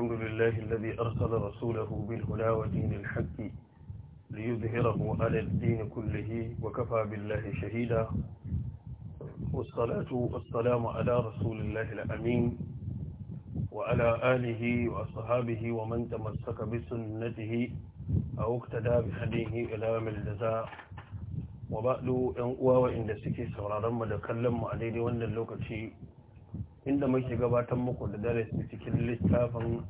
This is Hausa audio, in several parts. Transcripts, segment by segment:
الحمد لله الذي أرسل رسوله بالهدى ودين الحق ليظهره على الدين كله وكفى بالله شهيدا والصلاة والسلام على رسول الله الأمين وعلى آله وأصحابه ومن تمسك بسنته أو اقتدى بهديه إلى من الجزاء وبعد أن أوى وإن دسكي سورا رمى لكلم عليه وأن اللوكة inda muke gabatar muku da darasi cikin littafin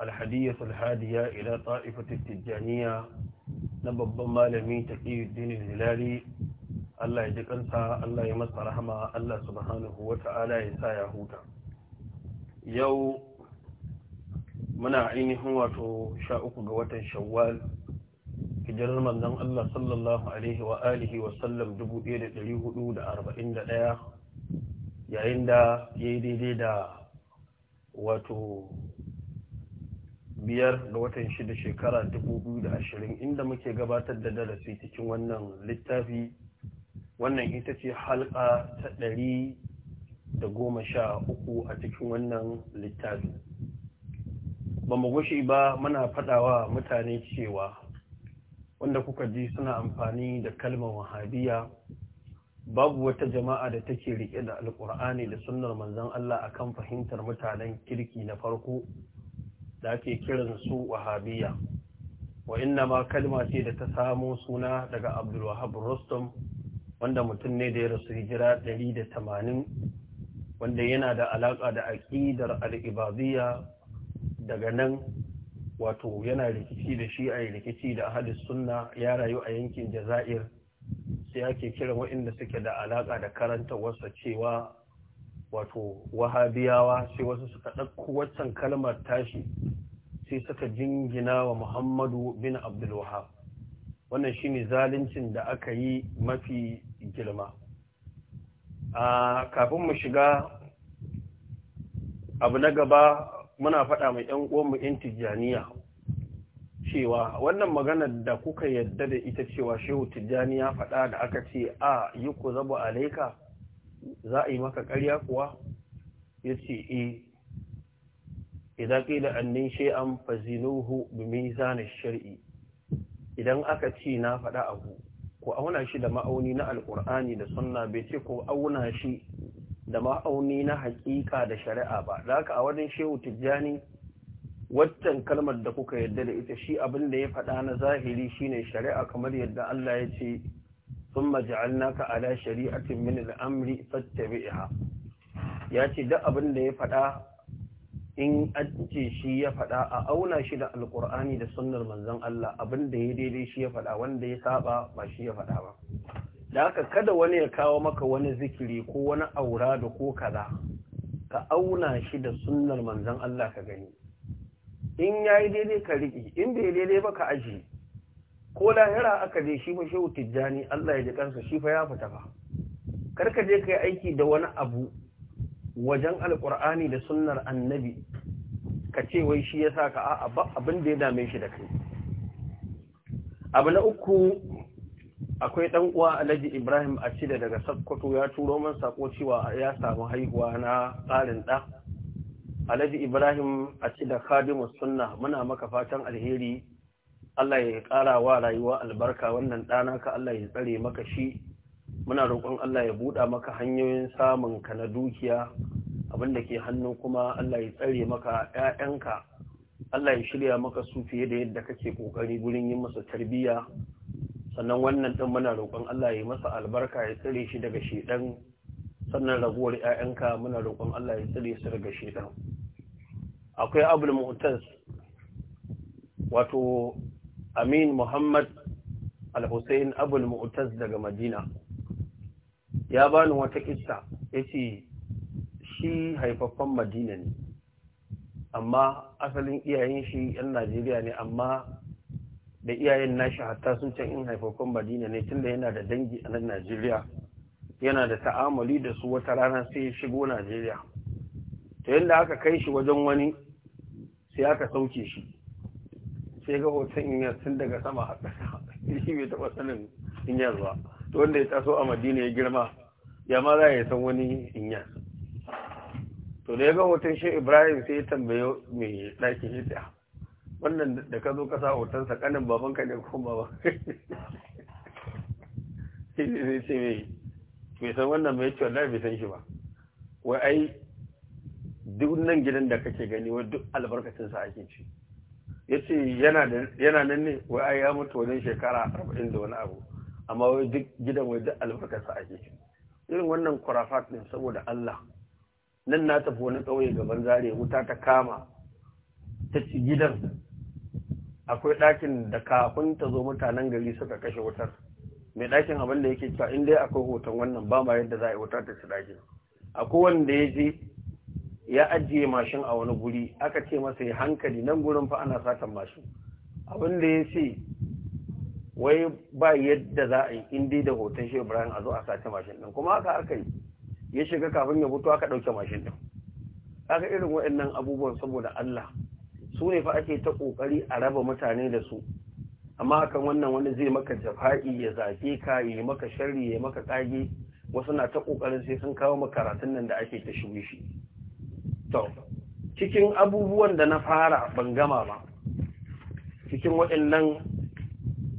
alhadiyatul hadiya ila ta'ifatul tijaniya na babban malami taqiyuddin hilali Allah ya ji kansa Allah ya masa rahama Allah subhanahu wata'ala ya sa ya huta yau muna ainihin wato sha uku ga watan shawwal hijirar manzon Allah sallallahu alaihi wa alihi wa sallam 1441 yayin da ya yi daidai da wato biyar da watan shida shekara dubu biyu da ashirin, inda muke gabatar da darasi cikin wannan littafi wannan ita ce halka ta ɗari da goma sha uku a cikin wannan littafi ba mu gushi ba muna faɗawa mutane cewa wanda kuka ji suna amfani da kalmar wahabiya babu wata jama'a da take riƙe da alƙur'ani da sunnar manzon Allah akan fahimtar mutanen kirki na farko da ake kiran su wahabiyya wa inna ma kalma ce da ta samo suna daga Abdul Wahab Rustum wanda mutum ne da ya rasu hijira 180 wanda yana da alaƙa da aƙidar al-ibadiyya daga nan wato yana rikici da shi a rikici da ahadis sunna ya rayu a yankin Jazair ya ake kiran waɗanda suke da alaƙa da karanta wasa cewa wato wahabiyawa sai wasu suka ɗauko waccan kalmar tashi sai suka jingina wa muhammadu bin abdulwahab wannan shine zaluncin da aka yi mafi girma a kafin mu shiga abu na gaba muna faɗa mai 'yan uwanmu 'yan tijjaniya cewa wannan maganar da kuka yadda da ita cewa shehu tijjani ya faɗa da aka ce a yi ku zaba alaika za a yi maka karya kuwa ya ce e eh, idan ƙila annin shay'an fazinuhu bi zane shari'i? idan aka ce na faɗa abu ku auna shi da ma'auni na alƙur'ani da sunna bai ce ku auna shi da ma'auni na haƙiƙa da shari'a ba da haka a wajen shehu tijjani waccan kalmar da kuka yadda da ita shi abin da ya faɗa na zahiri shine shari'a kamar yadda Allah ya ce thumma ja'alnaka ala shari'atin min al-amri fattabi'ha ya ce duk abin da ya faɗa in an shi ya faɗa a auna shi da alkur'ani da sunnar manzon Allah abin da ya daidai shi ya faɗa wanda ya saba ba shi ya faɗa ba da haka kada wani ya kawo maka wani zikiri ko wani aura da ko kaza ka auna shi da sunnar manzon Allah ka gani in ya yi daidai ka riƙe in bai daidai ba ka aji ko lahira aka je shi fa shehu tijjani Allah ya ji kansa shi fa ya fita fa kar ka je kai aiki da wani abu wajen alƙur'ani da sunnar annabi ka ce wai shi ya sa ka a'a abin da ya dame shi da kai abu na uku akwai dan uwa Alhaji Ibrahim a cida daga Sokoto ya turo man sako cewa ya samu haihuwa na tsarin da alhaji ibrahim a ci da khadimu sunna muna maka fatan alheri Allah ya ƙara wa rayuwa albarka wannan ɗana ka Allah ya tsare maka shi muna roƙon Allah ya buɗa maka hanyoyin samun ka na dukiya abin da ke hannu kuma Allah ya tsare maka ƴaƴanka Allah ya shirya maka su fiye da yadda kake ƙoƙari gurin yin masa tarbiyya sannan wannan ɗin muna roƙon Allah ya masa albarka ya tsare shi daga shedan sannan raguwar 'ya'yanka muna roƙon Allah ya tsare su daga shedan akwai abul mu'taz wato amin muhammad al-hussein abul mu'taz daga madina ya bani wata kissa yace shi haifaffan madina ne amma asalin iyayen shi yan najeriya ne amma da iyayen nashi hatta sun can in haifaffen madina ne tunda yana da dangi a nan najeriya yana da ta'amali da su wata rana sai ya shigo najeriya ta yadda aka kai shi wajen wani sai aka sauke shi sai ga hoton inyar sun daga sama a ƙasa shi bai taɓa sanin inyar ba to wanda ya taso a madina ya girma ya ma za ya san wani inyar to da ya ga hoton shi ibrahim sai ya tambaye mai ɗakin ya tsaya ah, wannan da ka zo kasa hotonsa kanin babanka ne ko baba sai ce mai san wannan mai ce wallahi bai san shi ba wai ai duk nan gidan da kake gani wa duk sa ake ci ya ce yana nan ne wai ai ya mutu wajen shekara arba'in da wani abu amma wai duk gidan wai duk sa ake ci irin wannan kurafat ne saboda Allah nan na tafi wani kauye gaban zare wuta ta kama ta ci gidan akwai ɗakin da kafin ta zo mutanen gari suka kashe wutar mai ɗakin abin da yake cewa in dai akwai hoton wannan ba ma yadda za a yi wuta ta ci ɗakin akwai wanda ya je ya ajiye mashin a wani guri aka ce masa ya hankali nan gurin fa ana satan mashin abin da ya ce wai ba yadda za a yi indi da hoton shi ibrahim a zo a sace mashin din kuma haka aka yi ya shiga kafin ya mutu aka ɗauke mashin din aka irin waɗannan abubuwan saboda allah su ne fa ake ta ƙoƙari a raba mutane da su amma akan wannan wani zai maka jafa'i ya zaki, ka ya maka sharri ya maka kage wasu na ta ƙoƙarin sai sun kawo makaratun nan da ake ta shige shi to cikin abubuwan da na fara ban gama ba cikin waɗannan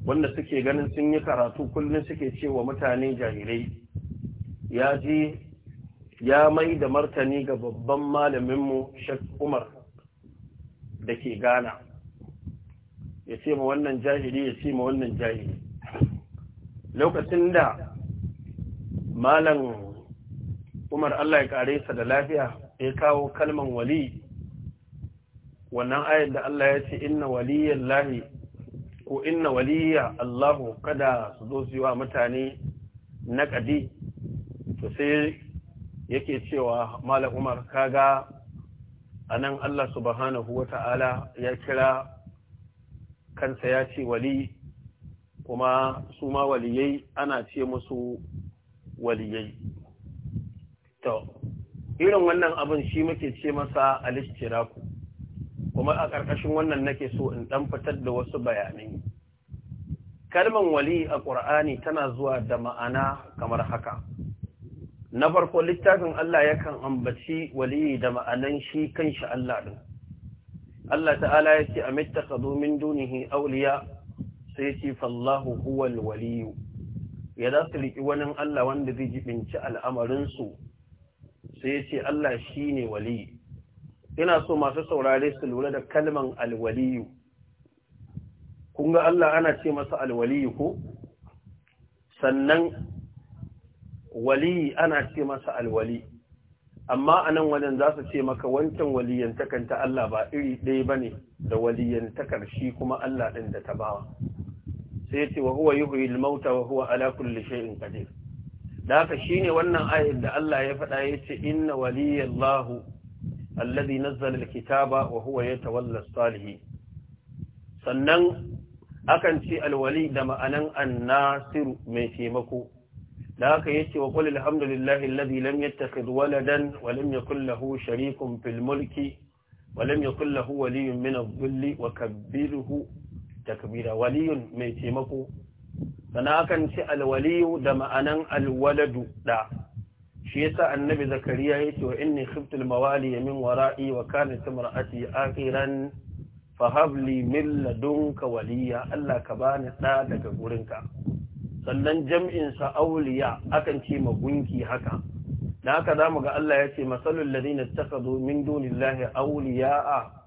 wanda suke ganin sun yi karatu kullum suke cewa mutane jahilai ya ji ya mai da martani ga babban malaminmu Sheikh Umar da ke Ghana ya ce ma wannan jahili ya ce ma wannan jahili lokacin da malam Umar Allah ya kare sa da lafiya sai kawo kalman wali wannan ayar da Allah ya ce inna waliyan lahi ko inna waliya Allahu kada su zo su yi wa mutane na ƙadi to sai yake cewa mala umar kaga a nan Allah subhanahu wa ta'ala ya kira kansa ya ce wali kuma su ma waliyai ana ce musu waliyai to irin wannan abin shi muke ce masa alishtiraku kuma a ƙarƙashin wannan nake so in ɗan fitar da wasu bayanai Kalmar wali a ƙur'ani tana zuwa da ma'ana kamar haka na farko littafin Allah yakan ambaci waliyi da ma'anan shi kanshi Allah din Allah ta'ala ya ce amittakhadhu min dunihi awliya sai ce fallahu huwal waliyu ya za su riki wani Allah wanda zai jibinci al'amarin su sai ya ce Allah shi ne waliyi ina so masu saurare su lura da kalman alwaliyu kun ga Allah ana ce masa alwaliyu ko sannan waliyi ana ce masa alwali amma a nan wajen za su ce maka wancan ta Allah ba iri ɗaya ba ne da waliyantakar shi kuma Allah ɗin da ta bawa sai ce wa huwa yuhyi huwa ala kulli shay'in qadir da haka shine wannan ayat da Allah ya faɗa ya ce inna waliyallahu alladhi nazzala alkitaba wa huwa yatawalla salihin sannan akan ce alwali da ma'anan annasiru mai taimako da haka yace wa qul alhamdulillahi alladhi lam yattakhidh waladan wa lam yakul lahu sharikun fil mulki wa lam yakul lahu waliyyun min adh-dhilli wa kabbirhu takbira waliyyun mai taimako sana kan ci alwaliyu da ma'anan alwaladu da shi yasa annabi zakariya ce wa inni khiftu almawali min wara'i wa kanat imra'ati akhiran fahab li min ladunka waliya Allah ka bani da daga gurinka sannan jam'in sa awliya akan ce magunki haka dan haka zamu ga Allah yace masalul ladina ittakhadhu min dunillahi awliya'a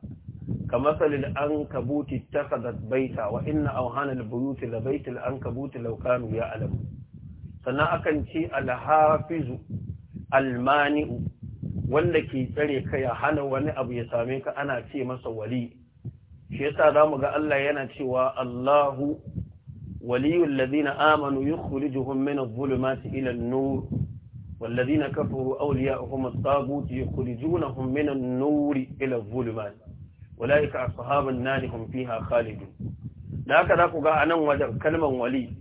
كمثل الأنكبوت اتخذت بيتا da أوهان البيوت لبيت الأنكبوت لو كانوا يعلمون sannan akan ce alhafizu almani'u wanda ke tsare ka ya hana wani abu ya same ka ana ce masa wali shi yasa zamu ga Allah yana cewa Allahu waliyul ladina amanu yukhrijuhum min adh-dhulumati ila an-nur wal ladina kafaru awliya'uhum kuma taghut yukhrijunahum min an-nur ila adh-dhulumati ulaika ashabun nar hum fiha khalidun da haka za ku ga anan wajen kalman wali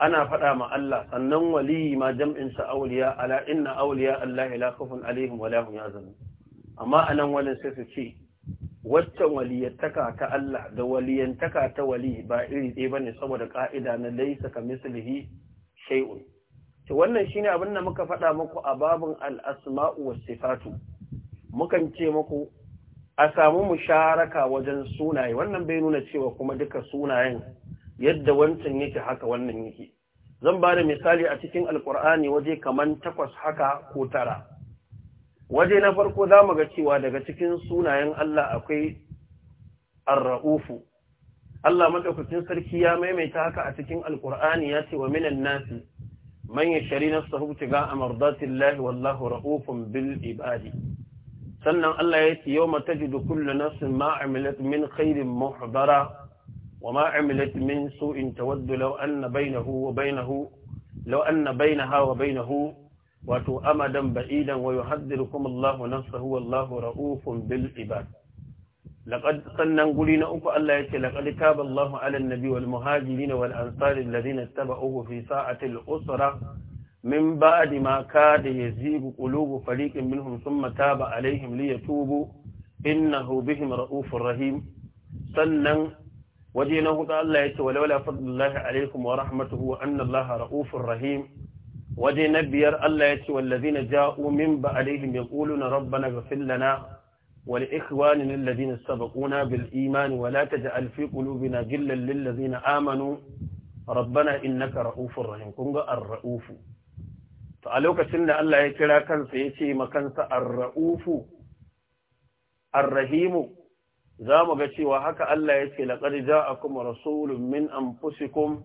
ana faɗa ma Allah sannan wali ma jam'in sa awliya ala inna awliya Allah la khawfun alaihim wa hum yahzanun amma anan walin sai su ce waccan waliyantaka ta Allah da waliyantaka ta wali ba iri ɗaya bane saboda ka'ida na laysa kamislihi shay'un to wannan shine abin da muka faɗa muku a babun al-asma'u was-sifatu mukan ce muku a samu musharaka wajen sunaye wannan bai nuna cewa kuma duka sunayen yadda wancan yake haka wannan yake zan ba da misali a cikin alkur'ani waje kaman takwas haka ko tara waje na farko za mu ga cewa daga cikin sunayen Allah akwai arra'ufu Allah madaukakin sarki ya maimaita haka a cikin alkur'ani ya ce wa minan nasi man shari'ar nafsahu ga amardatillahi wallahu ra'ufun bil ibadi sannan Allah ya ce yau matajidu kullu nafsin ma amilat min khairin muhbara wa ma amilat min su'in tawaddu law anna bainahu wa bainahu law anna bainaha wa bainahu wato amadan ba'idan wa yuhaddirukum Allah nafsahu wallahu ra'ufun bil ibad laqad sannan guri na uku Allah yace laqad taba Allahu 'ala an wal muhajirin wal ansari alladhina ittaba'uhu fi sa'atil al-usra min ba'di da ya yazigu qulubu fariqin minhum thumma taba alaihim liyatubu innahu bihim ra'ufin rahim sannan waje na hudu Allah ya ce walawala fadlullahi alaikum wa rahmatuhu wa anna Allah ra'ufin rahim waje na biyar Allah ya ce wallazina ja'u min ba ba'dihim yaquluna rabbana ighfir lana ولإخواننا الذين سبقونا بالإيمان ولا تجعل في قلوبنا جلا للذين آمنوا ربنا إنك رؤوف رحيم كنغ الرؤوف to a lokacin da Allah ya kira kansa ya ce makansa ar-ra'ufu za mu ga cewa haka Allah ya ce laƙar ja'akum rasulun min anfusikum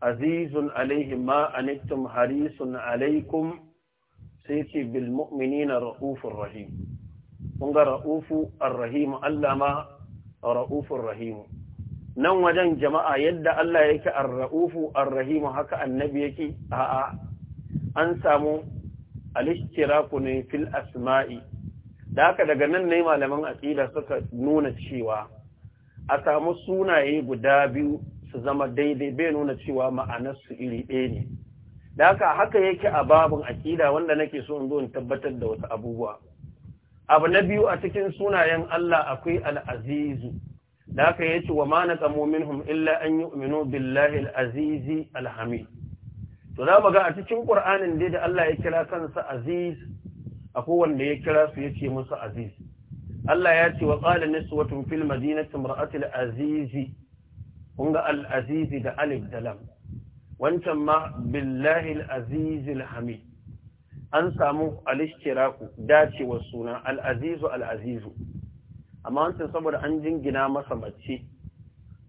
azizun alaihi ma anittum harisun alaikum sai ce bil mu'minina ra'ufur rahim kun ga ra'ufu ar Allah ma ra'ufur rahimu. nan wajen jama'a yadda Allah yake arra'ufu arrahimu haka annabi yake a'a an samu alishtiraku ne fil asma'i da haka daga nan ne malaman aqida suka nuna cewa a samu sunaye guda biyu su zama daidai bai nuna cewa ma'anarsu iri ɗaya ne da haka haka yake a babun aqida wanda nake so in zo in tabbatar da wasu abubuwa abu na biyu a cikin sunayen Allah akwai al-azizu da haka yace wa ma naqamu minhum illa an yu'minu billahi al-azizi al-hamid to za mu ga a cikin ƙur'anin dai da Allah ya kira kansa Aziz a kowanne ya kira su yace musu Aziz Allah ya ce wa qala niswatun fil madinati imra'atul aziz kun ga al'azizi da alif da wancan ma billahi al aziz an samu al ku dacewar suna al'azizu, al'azizu. amma wancan saboda an jingina masa mace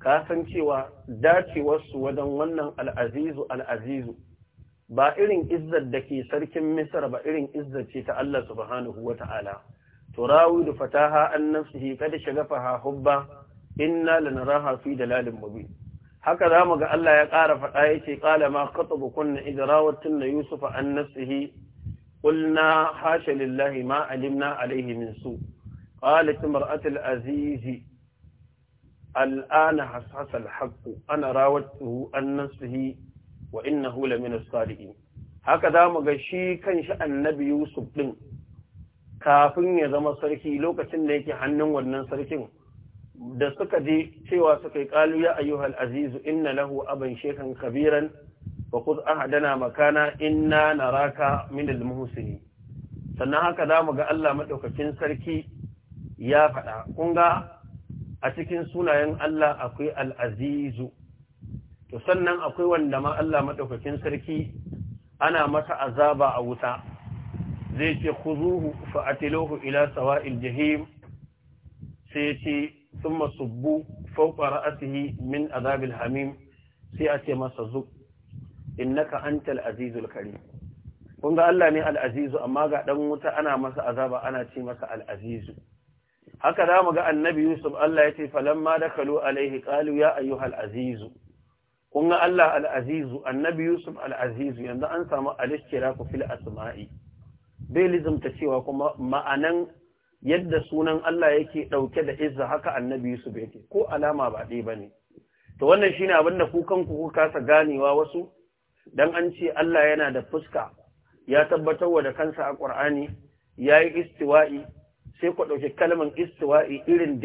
ka san cewa dacewar su wajen wannan al'azizu. azizu al ba irin izzar da ke sarkin misar ba irin izzar ce ta Allah subhanahu wa ta'ala turawi da fataha an nafsihi kada shagafaha hubba inna lanaraha fi lalin mubin haka za mu ga Allah ya ƙara faɗa ya ce ƙala ma katabu kunna idrawatun na Yusuf an nafsihi qulna hasha lillahi ma alimna alaihi min su qalat imra'atul aziz الآن حصحص الحق أنا راودته عن wa innahu lamina sadiqin haka za mu ga shi na annabi Yusuf ɗin kafin ya zama sarki lokacin da yake hannun wannan sarkin da suka je cewa suka yi kalu ya ayyuhal aziz inna lahu aban shekan kabiran wa khudh ahadana makana inna naraka min al muhsinin sannan haka za mu ga Allah maɗaukakin sarki ya faɗa kun ga a cikin sunayen Allah akwai al azizu to sannan akwai wanda ma Allah madaukakin sarki ana masa azaba a wuta zai ce khuzuhu fa'atiluhu ila sawa'il jahim sai ya thumma subbu fawqa ra'sihi min azabil hamim sai a ce masa zub innaka antal azizul karim kun ga Allah ne al'azizu amma ga ɗan wuta ana masa azaba ana ce masa al'azizu haka zamu ga annabi yusuf Allah ya ce falamma da kalu alaihi ƙalu ya ayyuhal azizu kun ga Allah al'azizu annabi Yusuf al'azizu yanzu an samu alistira ku fil asma'i bai ta cewa kuma ma'anan yadda sunan Allah yake ɗauke da izza haka annabi Yusuf yake ko alama ba ɗaya ba ne to wannan shine abin da kukan kanku ku kasa ganewa wasu dan an ce Allah yana da fuska ya tabbatar wa da kansa a Qur'ani yayi istiwa'i sai ku ɗauki kalman istiwa'i irin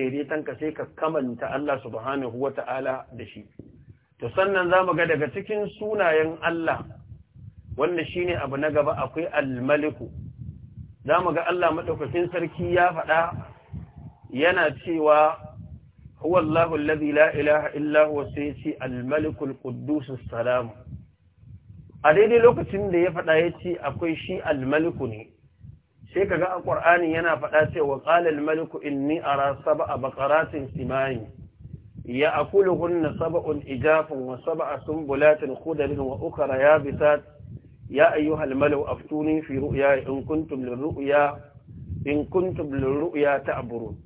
ka sai ka kamanta Allah subhanahu wata'ala da shi to sannan za mu ga daga cikin sunayen Allah wanda shi ne abu na gaba akwai almaliku za mu ga Allah maɗaukakin sarki ya faɗa yana cewa huwallahu allazi la ilaha illa huwa sai ce almalikul quddus salam a daidai lokacin da ya faɗa ya ce akwai shi almaliku ne sai kaga a qur'ani yana faɗa cewa qala almaliku inni ara sab'a baqaratin simani يأكلهن سبع إجاف وسبع سنبلات خضر وأخر يابسات يا أيها الملو أفتوني في رؤياي إن كنتم للرؤيا إن كنتم للرؤيا تعبرون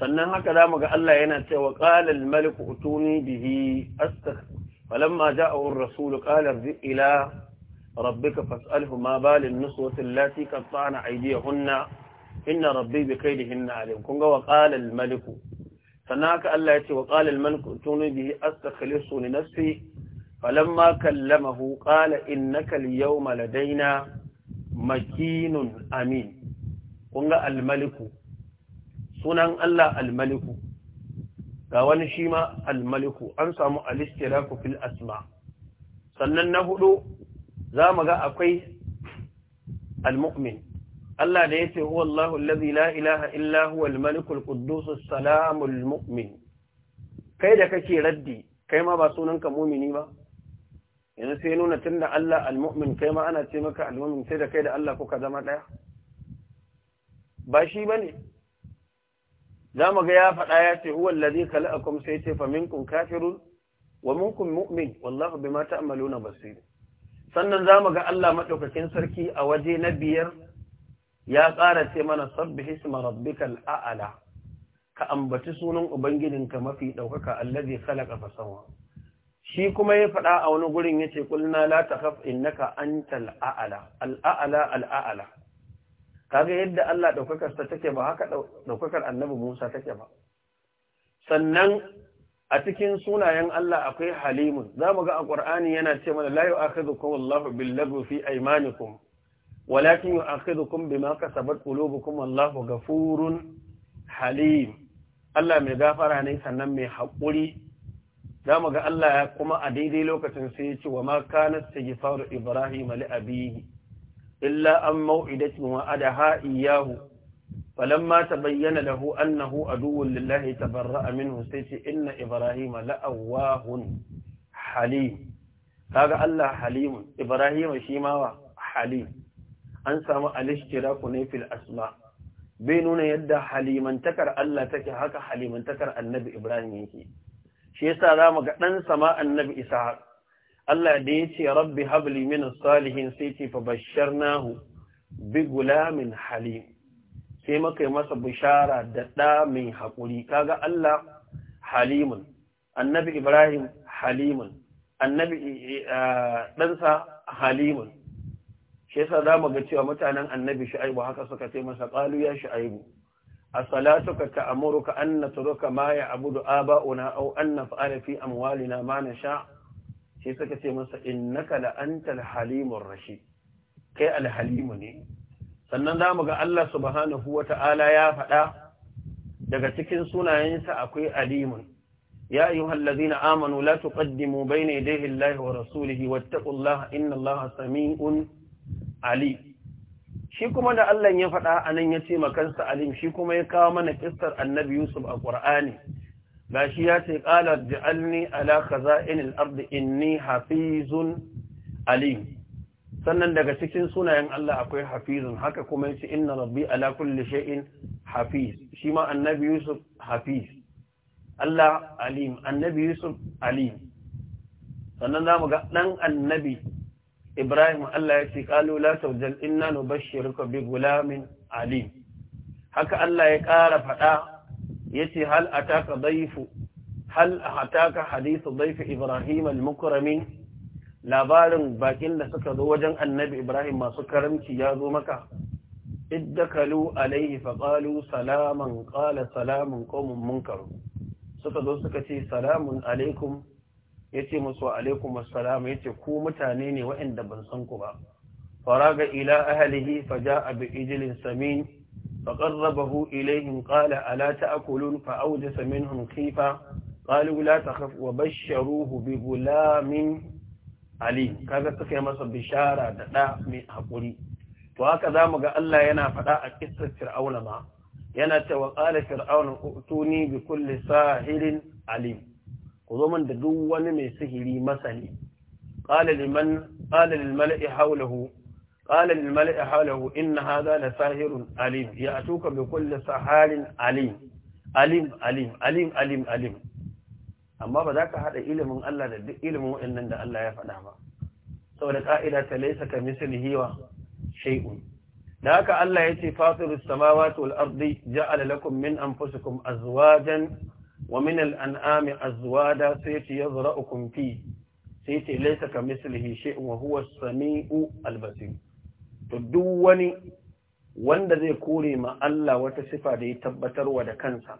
sannan haka za mu ga Allah yana cewa qalal malik utuni bihi astaghfir falamma ja'ahu ar-rasul qala irji ila rabbika fas'alhu ma balin nuswati allati qatta'na aydiyahunna inna rabbi bikaydihinna alim kun ga wa qalal malik sannan haka Allah ya ce wa qala man kuntu bihi astakhlisu li nafsi falamma kallamahu qala innaka al-yawma ladaina makinun amin kun ga al-maliku sunan Allah al-maliku ga wani shi ma al-maliku an samu al-istiraku fil asma sannan na hudu za mu ga akwai al-mu'min Allah da yace huwa wallahu allazi la ilaha illa huwa al-malikul quddus as-salamul mu'min kai da kake raddi kai ma ba sunanka mu'mini ba yanzu sai nuna tun da Allah al-mu'min kai ma ana ce maka al-mu'min sai da kai da Allah kuka zama ɗaya? ba shi ba ne? za mu ga ya faɗa ya ce huwa a khalaqakum sai ce fa minkum kafirun wa kun mu'min wallahu bima na basir sannan za mu ga Allah madaukakin sarki a waje na biyar ya ƙara ce mana sabbi hisma rabbikal a'ala ka ambaci sunan ubangijinka mafi ɗaukaka allazi khalaqa fasawa shi kuma ya faɗa a wani gurin yace kulna la takhaf innaka antal a'ala al a'ala al a'ala kaga yadda Allah ɗaukakar sa take ba haka ɗaukakar annabi Musa take ba sannan a cikin sunayen Allah akwai halimun za mu ga a ƙwar'ani yana ce mana layu aka zuku wallahu billagu fi aimanikum walakin yu'akhidukum bima kasabat qulubukum wallahu Gafurun? halim Allah mai gafara ne sannan mai haƙuri za mu ga Allah ya kuma a daidai lokacin sai ya wa ma kana istighfaru ibrahim li abihi illa an mau'idatin wa adaha iyahu falamma bayyana dahu, annahu aduwwun lillahi tabarra'a minhu sai ce inna ibrahim la'awahun halim kaga Allah Halimu. ibrahim shi ma wa halim an samu alishtiraku ne fil asma bai nuna yadda halimantakar Allah take haka halimantakar annabi Ibrahim yake shi yasa zamu ga dan sama annabi Isa Allah da yace rabbi habli min salihin sai ce fa basharnahu bi gulamin halim sai muka yi masa bishara da da mai hakuri kaga Allah halimun annabi Ibrahim halimun annabi eh, eh, ɗansa halimun shi yasa za mu ga cewa mutanen annabi shu'aibu haka suka ce masa qalu ya shu'aibu as-salatuka ta'muruka an natruka ma Aba, Una, Au, an naf'ala fi amwalina ma nasha shi suka ce masa innaka la'antar Halimu halimur rashid kai Alhalimu ne sannan za mu ga Allah subhanahu wata'ala ya faɗa daga cikin sunayensa akwai alimun ya ayyuhal ladzina amanu la tuqaddimu bayna yadayi Allahi wa rasulihi wattaqullaha innallaha samii'un Ali shi kuma da Allah ya faɗa a nan ya ce makansa alim shi kuma ya kawo mana kistar annabi Yusuf a Ƙur'ani ga shi ya ce ƙalar ji'alni ala khaza'inil ardi inni hafizun alim sannan daga cikin sunayen Allah akwai hafizun haka kuma ya ce inna rabbi ala kulli shay'in hafiz shi ma annabi Yusuf hafiz Allah alim annabi Yusuf alim sannan zamu ga dan annabi Ibrahim Allah ya ce ƙalu la taujal inna nubashshiruka bi gulamin ali haka Allah ya ƙara faɗa yace hal ataka dhaifu hal ataka Hadisu, dhaifi Ibrahim al labarin bakin da suka zo wajen Annabi Ibrahim masu karamci ya zo maka iddakalu alaihi faqalu salaman ƙala salamun qawmun munkar suka zo suka ce salamun alaikum ya ce musu alaikum assalam ya ce ku mutane ne waɗanda ban san ku ba faraga ila ahalihi fa ja'a bi ijlin samin fa qarrabahu ilayhim qala ala ta'kulun fa awjasa minhum khifa qalu la takhaf wa basharuhu bi gulamin kaga suka masa bishara da da mai hakuri to haka zamu ga Allah yana faɗa a kissar fir'auna ba, yana cewa qala fir'aun utuni bi kulli sahirin alim ku zo man da duk wani mai sihiri masani qala liman mala'i hawlahu qala lil mala'i hawlahu inna hadha la sahirun alim ya'tuka bi kulle saharin alim alim alim alim alim alim amma ba za ka haɗa ilimin Allah da duk ilimin waɗannan da Allah ya faɗa ba saboda ƙa'ida ta laysa ka mislihi wa shay'un da haka Allah ya ce fasiru samawati wal ardi ja'ala lakum min anfusikum azwajan wa min al'an'ami azwada sai ce ya zura ukumfi sai ce laisa ka mislihi wa sami'u albasir to duk wani wanda zai kore ma Allah wata sifa da ya tabbatarwa da kansa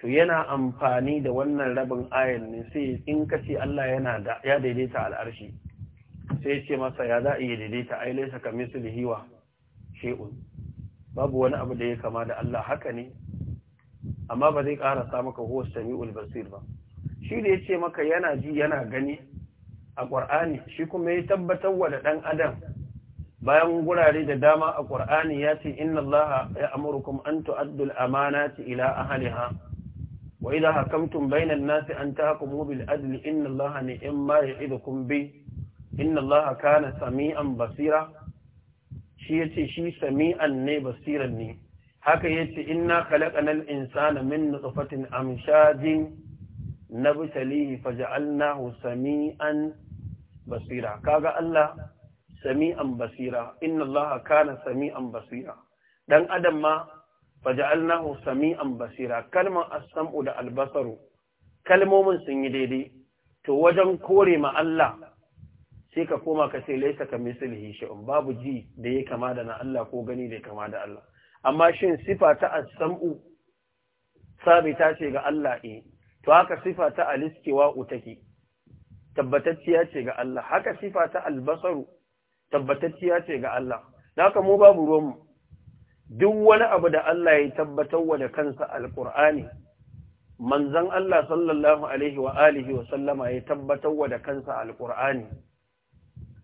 to yana amfani da wannan rabin ayan ne sai in ka ce Allah yana da ya daidaita al'arshi sai ce masa ya za a iya daidaita ai laisa ka mislihi wa shi'un babu wani abu da ya kama da Allah haka ne amma ba zai ƙarasa maka huwa sami'ul basir ba shi da ya ce maka yana ji yana gani a ƙwar'ani shi kuma ya tabbatar wa da ɗan adam bayan gurare da dama a ƙwar'ani ya ce inna Allah ya amurkum an tu'addul ta ila ahaliha wa idha hakamtum bainan nasi an tahkumu bil adli inna Allah ido kun bi inna Allah kana sami'an basira shi yace shi sami'an ne basiran ne haka yace inna khalaqanal insana min nutfatin amshajin nabtalihi faj'alnahu an basira kaga Allah an basira inna Allah kana an basira dan adam ma faj'alnahu sami'an basira kalmar as da Albasaru kalmomin sun yi daidai to wajen kore ma Allah sai ka koma ka ce laisa ka misali shay'un babu ji da ya kama da na Allah ko gani da ya kama da Allah amma shin sifa ta as-sam'u sabita ce ga Allah e. to haka sifa ta al-istiwa take tabbatacciya ce ga Allah haka sifa ta albasaru, tabbatacciya ce ga Allah haka mu babu ruwan duk wani abu da Allah ya tabbatar wa da kansa al manzon Allah sallallahu alaihi wa alihi wa sallama ya tabbatar wa da kansa al A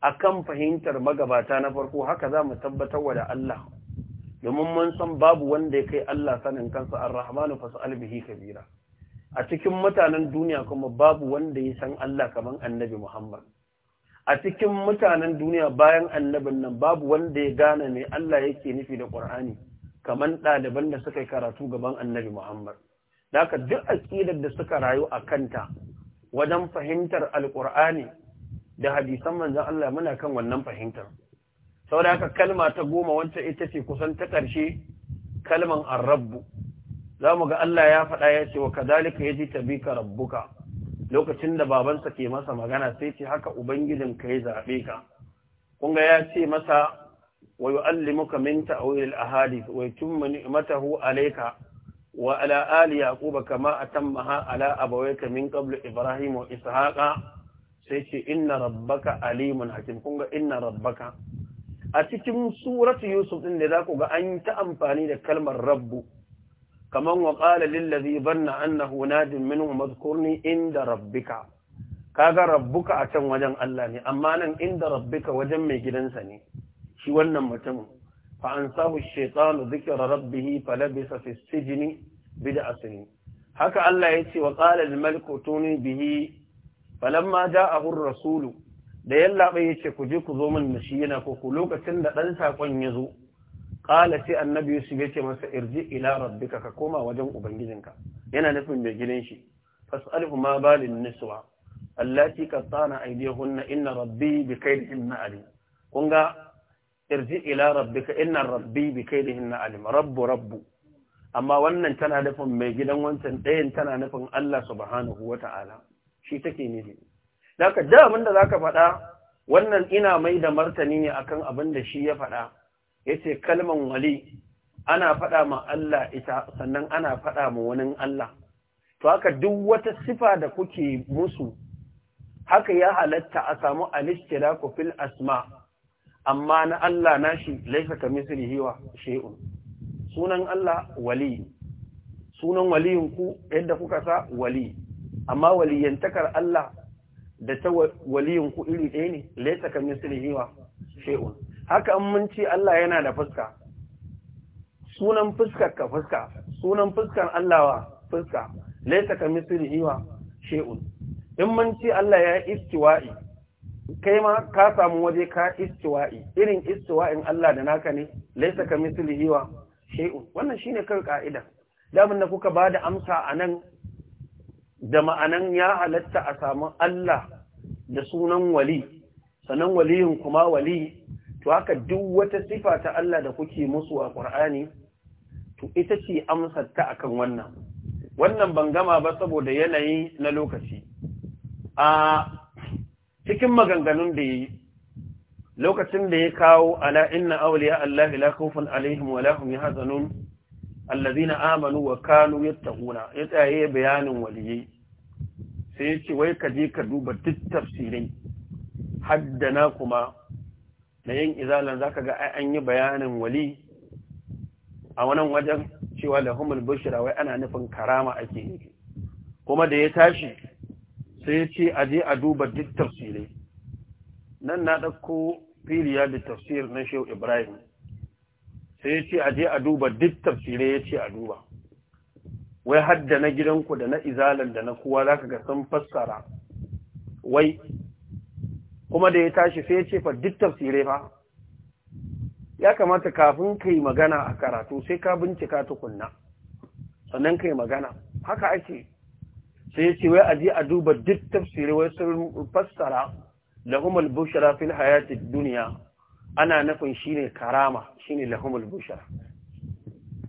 akan fahimtar magabata na farko haka za mu tabbatar wa da Allah domin mun san babu wanda ya kai Allah sanin kansa ar-rahmanu fas'al bihi kabira a cikin mutanen duniya kuma babu wanda ya san Allah kaman annabi Muhammad a cikin mutanen duniya bayan annabin nan babu wanda ya gane ne Allah yake nufi da Qur'ani kaman ɗaliban da suka yi karatu gaban annabi Muhammad haka duk aqidar da suka rayu a kanta wajen fahimtar al-Qur'ani da hadisan manzon Allah muna kan wannan fahimtar saboda haka kalma ta goma wanta ita ce kusan ta ƙarshe kalman arrabbu za mu ga Allah ya faɗa ya ce wa ta bi ka rabbuka lokacin da babansa ke masa magana sai ce haka ubangijin ka ya zaɓe ka Kunga ya ce masa wa yu'allimuka min ta'wil al-ahadith wa yutimmu ni'matahu alayka wa ala ali yaquba kama atammaha ala abawayka min qablu ibrahim wa ishaqa sai ce inna rabbaka alimun hakim kun inna rabbaka a cikin suratu yusuf din da zaku ga an ta amfani da kalmar rabbu kaman wa qala lil ladhi banna annahu nadin minhum madhkurni inda rabbika kaga rabbuka a can wajen Allah ne amma nan inda rabbika wajen mai gidansa ne shi wannan mutum fa ansahu ash-shaytanu dhikra rabbih falabisa fi as-sijni bid'a sinin haka Allah yace wa qala al-maliku tuni bihi falamma ja'ahu ar-rasulu da yallaɓa ya ce ku je ku zo min da shi yana ko ku lokacin da ɗan saƙon ya zo ƙala annabi yusuf ya ce masa irji ila rabbika ka koma wajen ubangijinka yana nufin mai gidan shi fas'alhu ma balin niswa allati qattana aydihunna inna rabbi bi kaydihim alim kun ga irji ila rabbika inna rabbi bi kaydihim alim rabbu rabbu amma wannan tana nufin mai gidan wancan ɗayan tana nufin Allah subhanahu wata'ala shi take nufi da da abin da za ka faɗa wannan ina mai da martani ne akan abin da shi ya faɗa ya ce kalman wali ana faɗa ma Allah ita sannan ana faɗa ma wani Allah to haka duk wata sifa da kuke musu haka ya halatta a samu ku fil asma amma na Allah nashi laifa ka misiri, hewa shay'un sunan Allah wali sunan waliyin yadda kuka sa wali amma waliyantakar Allah da ta waliyin ku iri ɗaya ne laisa ka yi wa shay'un haka an mun ce Allah yana da fuska sunan fuskar ka fuska sunan fuskar Allah wa fuska laisa ka yi wa shay'un in mun ce Allah ya istiwa'i kai ma ka samu waje ka istiwa'i irin istiwa'in Allah da naka ne laisa ka yi wa shay'un wannan shine kan ka'ida da mun da kuka bada amsa anan da ma'anan ya halatta a samu Allah da sunan wali sanan waliyin kuma wali to haka duk wata sifa ta Allah da kuke musu a ƙur'ani? to ita ce amsatta ta kan wannan wannan ban gama ba saboda yanayi na lokaci a cikin maganganun da yi, lokacin da ya kawo ala inna Allah ila khawfun alaihim wa hum yahzanun allazina amanu wa kanu tahuna ya tsaye bayanin waliyyi sai ya ce wai ka je ka duba duk tafsirin haddana kuma na yin izalan zaka ga ai an yi bayanin wali a wannan wajen cewa da lahumul bushra wai ana nufin karama ake nufi kuma da ya tashi sai ya ce je a duba duk tafsirai nan na ɗauko filiya da tafsir na shehu ibrahim sai ce a je a duba duk tafsirai ya ce a duba wai hadda na gidanku da na izalan da na kowa za ka ga sun fassara wai kuma da ya tashi sai ya ce fa duk tafsirai fa ya kamata kafin ka yi magana a karatu sai ka bincika tukunna sannan ka yi magana haka ake sai ya ce wai a je a duba duk tafsirai wai sun fassara lahumul bushra fil hayatid duniya ana nufin shine karama shine lahumul Bushara.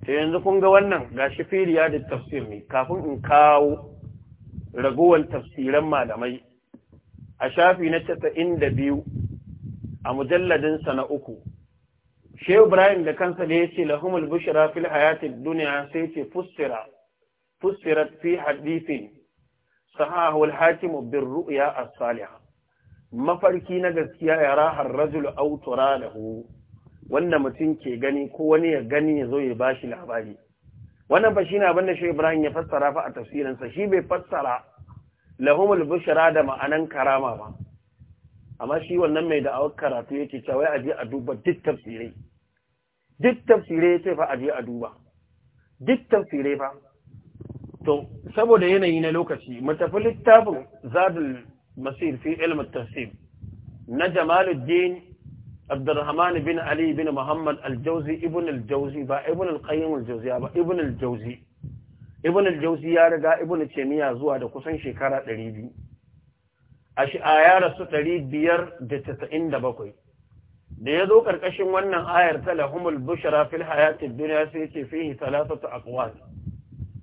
ta yanzu kun ga wannan gashi firiya da tafsir ne kafin in kawo ragowar tafsiran malamai a shafi na casa'in da biyu a mujalladinsa na uku shehu ibrahim da kansa ne ya ce lahumul Bushara fil hayatid duniya sai ce fussira fussirat fi hadithin sahahu al-hakim bir ru'ya as-salihah mafarki na gaskiya ya rahar rajul autura da hu wanda mutum ke gani ko wani ya gani ya zo ya ba shi labari wannan fa shine abin da shi Ibrahim ya fassara fa a tafsirinsa shi bai fassara lahum albushra da ma'anan karama ba amma shi wannan mai da'awar karatu yake cewa aje a duba duk tafsirai duk tafsirai yace fa aje a duba duk tafsirai fa to saboda yanayi na lokaci mu tafi littafin zadul masir fi ilmin tafsir na jamaluddin abdurrahman bin ali bin muhammad aljauzi ibn aljauzi ba ibn alqayyim aljauzi ba ibn aljauzi ibn aljauzi ya riga ibn taymiya zuwa da kusan shekara 200 a ya rasu biyar da ya zo ƙarƙashin wannan ayar ta lahumul bushara fil hayatid dunya sai yace fihi thalathatu aqwal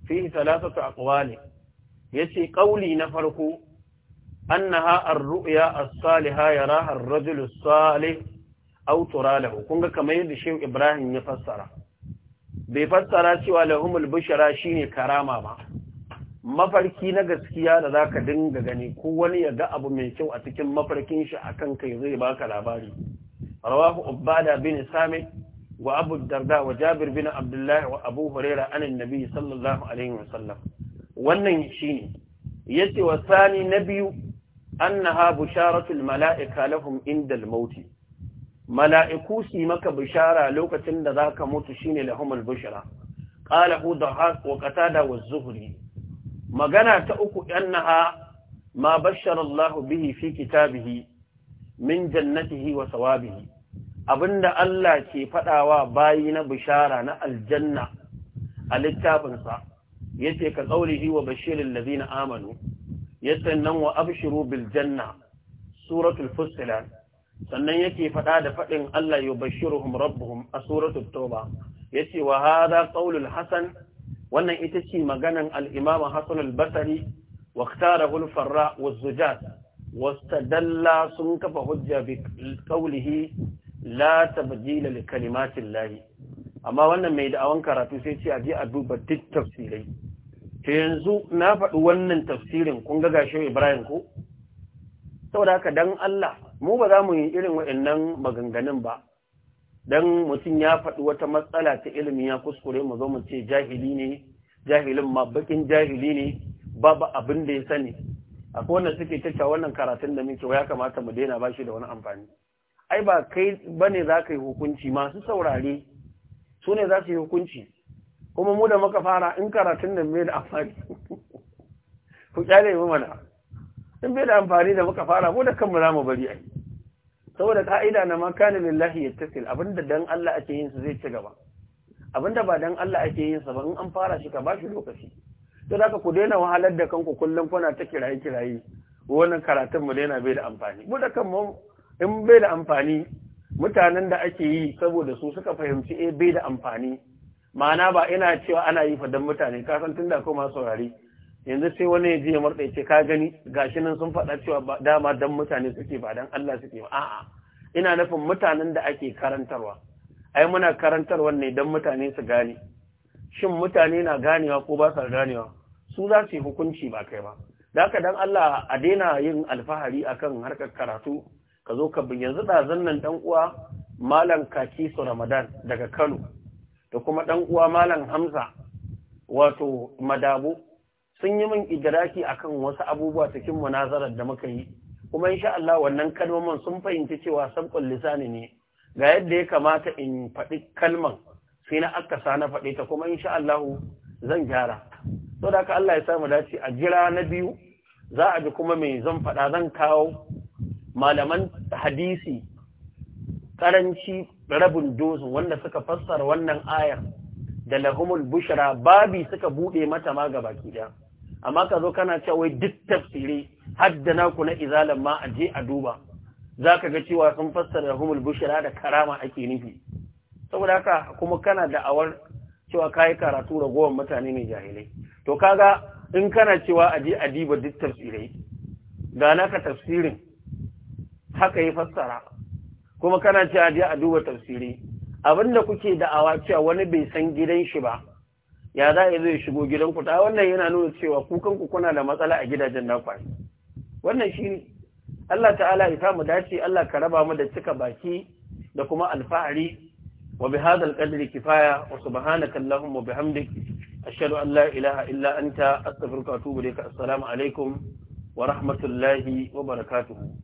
fihi thalathatu aqwal yace qauli na farko annaha ar-ru'ya as-salihah yaraha ar-rajul as-salih aw kunga kamar yadda Sheikh Ibrahim ya fassara bai fassara cewa lahumul bushara shine karama ba mafarki na gaskiya da zaka dinga gani ko wani ya ga abu mai kyau a cikin mafarkin shi akan kai zai baka labari rawahu ubada bin samit wa abu darda wa jabir bin abdullahi wa abu huraira an annabi sallallahu alaihi wasallam wannan shine yace wa sani na biyu annaha bisharatul mala'ika lahum indal mauti mala'iku su maka bishara lokacin da zaka mutu shine lahumul bushara qala hu dhahaq wa qatada wa magana ta uku annaha ma bashara Allah bihi fi kitabihi min jannatihi wa sawabihi abinda Allah ke fadawa bayi na bishara na aljanna a littafinsa yace ka qaulihi wa bashiril ladina amanu nan wa abshiru bil janna suratul fussilat sannan yake faɗa da faɗin Allah ya bashiruhum rabbuhum a suratul tauba yace wa hadha qaulul hasan wannan ita ce maganan al-imam hasan al-basri wa ikhtarahu al-farra wa zujat wastadalla sun kafa hujja bi qawlihi la tabdila li kalimati amma wannan mai da'awan karatu sai ce a je a duba duk tafsirai to yanzu na faɗi wannan tafsirin kun ga gashe Ibrahim ko saboda haka dan Allah mu ba za mu yi irin waɗannan maganganun ba dan mutum ya faɗi wata matsala ta ilimi ya kuskure mu zo mu ce jahili ne jahilin ma bakin jahili ne babu abin da ya sani akwai wanda suke tacca wannan karatun da muke ya kamata mu daina bashi da wani amfani ai ba kai bane za ka yi hukunci masu saurare su ne za su yi hukunci kuma mu da muka fara in karatun nan mai da amfani ku kyale mu mana in bai da amfani da muka fara mu da kanmu za mu bari ai saboda ka'ida na ma kana lillahi yattasil abinda dan Allah ake yin su zai ci gaba abinda ba dan Allah ake yin sa ba in an fara shi ka bashi lokaci to zaka ku daina wahalar da kanku kullum kuna ta kiraye kiraye wannan karatun mu daina bai da amfani mu da kanmu in bai da amfani mutanen da ake yi saboda su suka fahimci eh bai da amfani ma'ana ba ina cewa ana yi fadan mutane kasan san tunda ko masu saurari yanzu sai wani ya ji ya martsa ce ka gani gashi nan sun faɗa cewa dama dan mutane suke ba dan Allah suke ba a'a ina nufin mutanen da ake karantarwa ai muna karantarwa ne dan mutane su gane shin mutane na ganewa ko ba sa ganewa su za su yi hukunci ba kai ba da haka dan Allah a daina yin alfahari akan harkar karatu ka zo ka yanzu da nan dan uwa malam kaki su Ramadan daga Kano da kuma ɗan uwa malam hamza wato madabu sun yi min idiraki a kan wasu abubuwa cikin munazarar da muka yi kuma insha Allah wannan kalmomin sun fahimci cewa sabqul lisani ne ga yadda ya kamata in faɗi kalman sai na akasa na faɗe ta kuma insha Allah zan gyara to da ka Allah ya samu dace a jira na biyu za a ji kuma me zan faɗa zan kawo malaman hadisi karanci rabin dozin wanda suka fassara wannan ayar da lahumul bushra babi suka bude mata ma gaba ɗaya. amma ka zo kana cewa wai duk tafsiri haddana ku na izalan ma aje a duba zaka ga cewa sun fassara lahumul bushra da karama ake nufi saboda haka kuma kana da awar cewa kai karatu ragowar mutane mai jahilai to kaga in kana cewa aje a diba duk tafsirai ga naka tafsirin haka yi fassara kuma kana ce a je a duba tafsiri abinda kuke da'awa cewa wani bai san gidan shi ba ya za a zo ya shigo gidan ku ta wannan yana nuna cewa ku kuna da matsala a gidajen naku wannan shi Allah ta'ala ya samu dace Allah ka raba mu da cika baki da kuma alfa'ari wa bi hadal qadri kifaya wa subhanaka allahumma bihamdik ashhadu an la ilaha illa anta astaghfiruka wa atubu ilaik assalamu alaikum wa rahmatullahi wa barakatuh